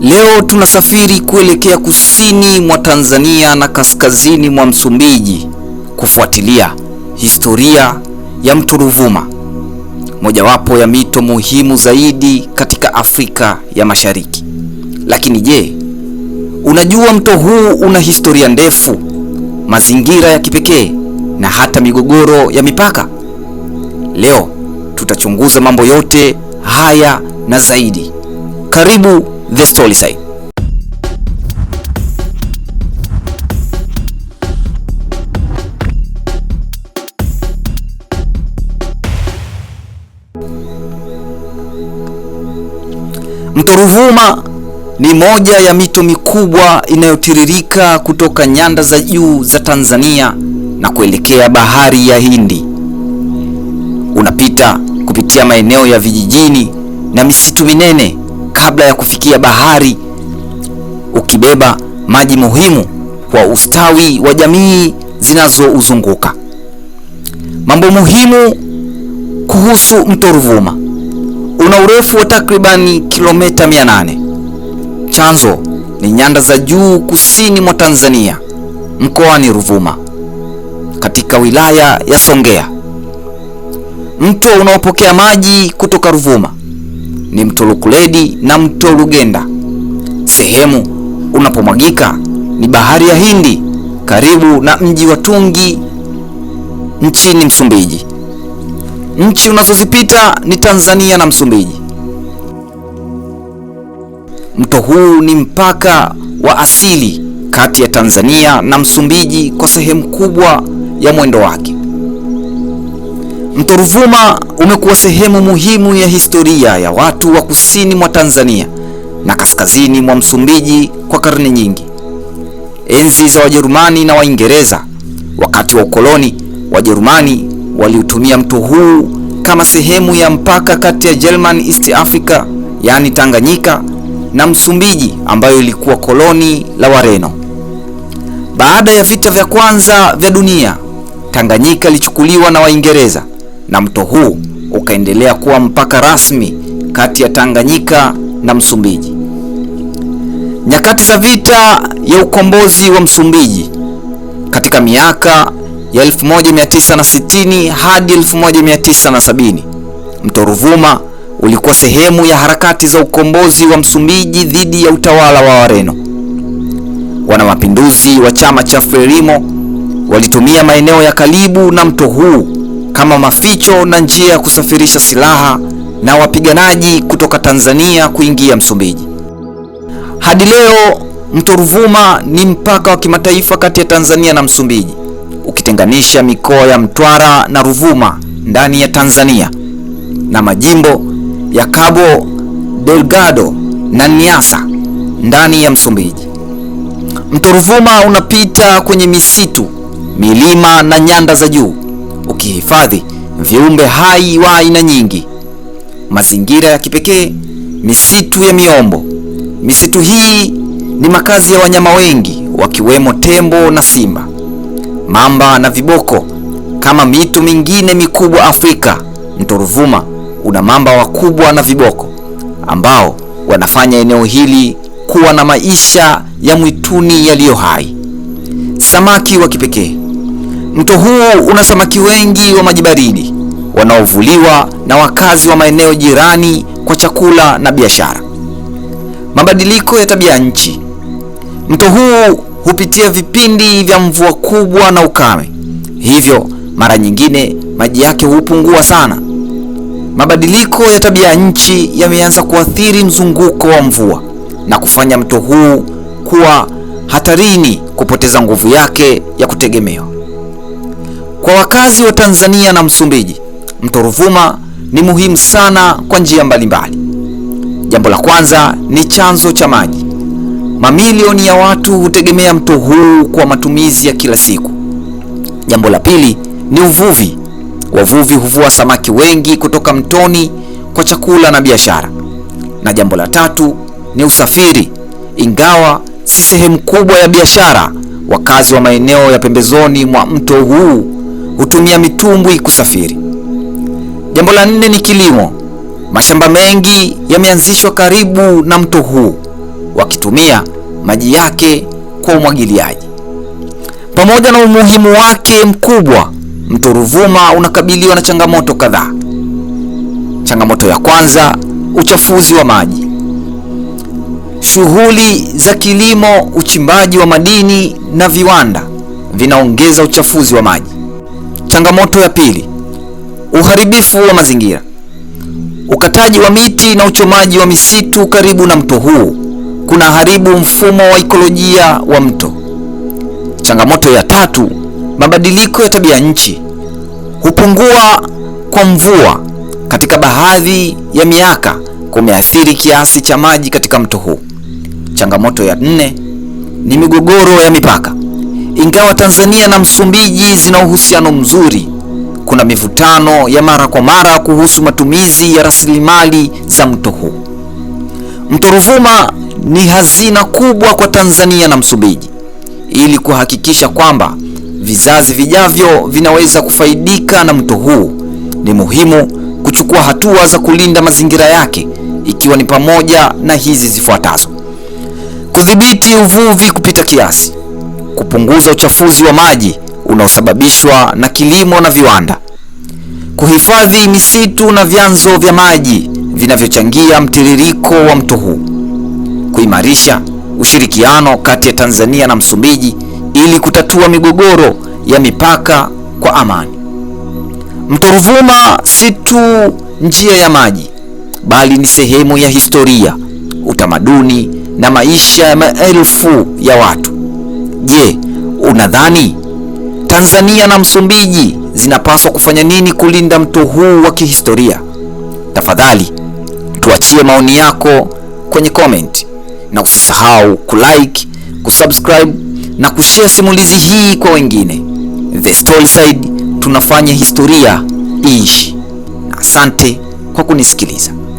Leo tunasafiri kuelekea kusini mwa Tanzania na kaskazini mwa Msumbiji kufuatilia historia ya mto Ruvuma, mojawapo ya mito muhimu zaidi katika Afrika ya Mashariki. Lakini je, unajua mto huu una historia ndefu, mazingira ya kipekee na hata migogoro ya mipaka? Leo tutachunguza mambo yote haya na zaidi. Karibu The Story Side. Mto Ruvuma ni moja ya mito mikubwa inayotiririka kutoka nyanda za juu za Tanzania na kuelekea bahari ya Hindi. Unapita kupitia maeneo ya vijijini na misitu minene kabla ya kufikia bahari, ukibeba maji muhimu kwa ustawi wa jamii zinazouzunguka. Mambo muhimu kuhusu mto Ruvuma: una urefu wa takribani kilomita 800. Chanzo ni nyanda za juu kusini mwa Tanzania, mkoani Ruvuma, katika wilaya ya Songea. Mto unaopokea maji kutoka Ruvuma ni mto Lukuledi na mto Lugenda. Sehemu unapomwagika ni bahari ya Hindi karibu na mji wa Tungi nchini Msumbiji. Nchi unazozipita ni Tanzania na Msumbiji. Mto huu ni mpaka wa asili kati ya Tanzania na Msumbiji kwa sehemu kubwa ya mwendo wake. Mto Ruvuma umekuwa sehemu muhimu ya historia ya watu wa kusini mwa Tanzania na kaskazini mwa Msumbiji kwa karne nyingi. Enzi za Wajerumani na Waingereza, wakati wa ukoloni, Wajerumani waliutumia mto huu kama sehemu ya mpaka kati ya German East Africa, yaani Tanganyika na Msumbiji ambayo ilikuwa koloni la Wareno. Baada ya vita vya kwanza vya dunia, Tanganyika ilichukuliwa na Waingereza na mto huu ukaendelea kuwa mpaka rasmi kati ya Tanganyika na Msumbiji. Nyakati za vita ya ukombozi wa Msumbiji katika miaka ya 1960 hadi 1970, mto Ruvuma ulikuwa sehemu ya harakati za ukombozi wa Msumbiji dhidi ya utawala wa Wareno. Wanamapinduzi wa chama cha Frelimo walitumia maeneo ya karibu na mto huu kama maficho na njia ya kusafirisha silaha na wapiganaji kutoka Tanzania kuingia Msumbiji. Hadi leo Mto Ruvuma ni mpaka wa kimataifa kati ya Tanzania na Msumbiji, ukitenganisha mikoa ya Mtwara na Ruvuma ndani ya Tanzania na majimbo ya Cabo Delgado na Niassa ndani ya Msumbiji. Mto Ruvuma unapita kwenye misitu, milima na nyanda za juu ukihifadhi viumbe hai wa aina nyingi, mazingira ya kipekee, misitu ya miombo. Misitu hii ni makazi ya wanyama wengi wakiwemo tembo na simba, mamba na viboko. Kama mito mingine mikubwa Afrika, mto Ruvuma una mamba wakubwa na viboko ambao wanafanya eneo hili kuwa na maisha ya mwituni yaliyo hai. Samaki wa kipekee Mto huu una samaki wengi wa maji baridi wanaovuliwa na wakazi wa maeneo jirani kwa chakula na biashara. Mabadiliko ya tabia nchi. Mto huu hupitia vipindi vya mvua kubwa na ukame, hivyo mara nyingine maji yake hupungua sana. Mabadiliko ya tabia nchi yameanza kuathiri mzunguko wa mvua na kufanya mto huu kuwa hatarini kupoteza nguvu yake ya kutegemewa. Kwa wakazi wa Tanzania na Msumbiji, mto Ruvuma ni muhimu sana kwa njia mbalimbali. Jambo la kwanza ni chanzo cha maji. Mamilioni ya watu hutegemea mto huu kwa matumizi ya kila siku. Jambo la pili ni uvuvi. Wavuvi huvua samaki wengi kutoka mtoni kwa chakula na biashara. Na jambo la tatu ni usafiri. Ingawa si sehemu kubwa ya biashara, wakazi wa maeneo ya pembezoni mwa mto huu hutumia mitumbwi kusafiri. Jambo la nne ni kilimo. Mashamba mengi yameanzishwa karibu na mto huu wakitumia maji yake kwa umwagiliaji. Pamoja na umuhimu wake mkubwa, mto Ruvuma unakabiliwa na changamoto kadhaa. Changamoto ya kwanza, uchafuzi wa maji. Shughuli za kilimo, uchimbaji wa madini na viwanda vinaongeza uchafuzi wa maji. Changamoto ya pili, uharibifu wa mazingira, ukataji wa miti na uchomaji wa misitu karibu na mto huu kuna haribu mfumo wa ikolojia wa mto. Changamoto ya tatu, mabadiliko ya tabia nchi, hupungua kwa mvua katika baadhi ya miaka kumeathiri kiasi cha maji katika mto huu. Changamoto ya nne ni migogoro ya mipaka. Ingawa Tanzania na Msumbiji zina uhusiano mzuri, kuna mivutano ya mara kwa mara kuhusu matumizi ya rasilimali za mto huu. Mto Ruvuma ni hazina kubwa kwa Tanzania na Msumbiji. Ili kuhakikisha kwamba vizazi vijavyo vinaweza kufaidika na mto huu, ni muhimu kuchukua hatua za kulinda mazingira yake, ikiwa ni pamoja na hizi zifuatazo: kudhibiti uvuvi kupita kiasi, kupunguza uchafuzi wa maji unaosababishwa na kilimo na viwanda, kuhifadhi misitu na vyanzo vya maji vinavyochangia mtiririko wa mto huu, kuimarisha ushirikiano kati ya Tanzania na Msumbiji ili kutatua migogoro ya mipaka kwa amani. Mto Ruvuma si tu njia ya maji bali ni sehemu ya historia, utamaduni na maisha ya maelfu ya watu. Je, unadhani Tanzania na Msumbiji zinapaswa kufanya nini kulinda mto huu wa kihistoria? Tafadhali tuachie maoni yako kwenye comment na usisahau kulike, kusubscribe na kushare simulizi hii kwa wengine. The Storyside tunafanya historia iishi. Asante kwa kunisikiliza.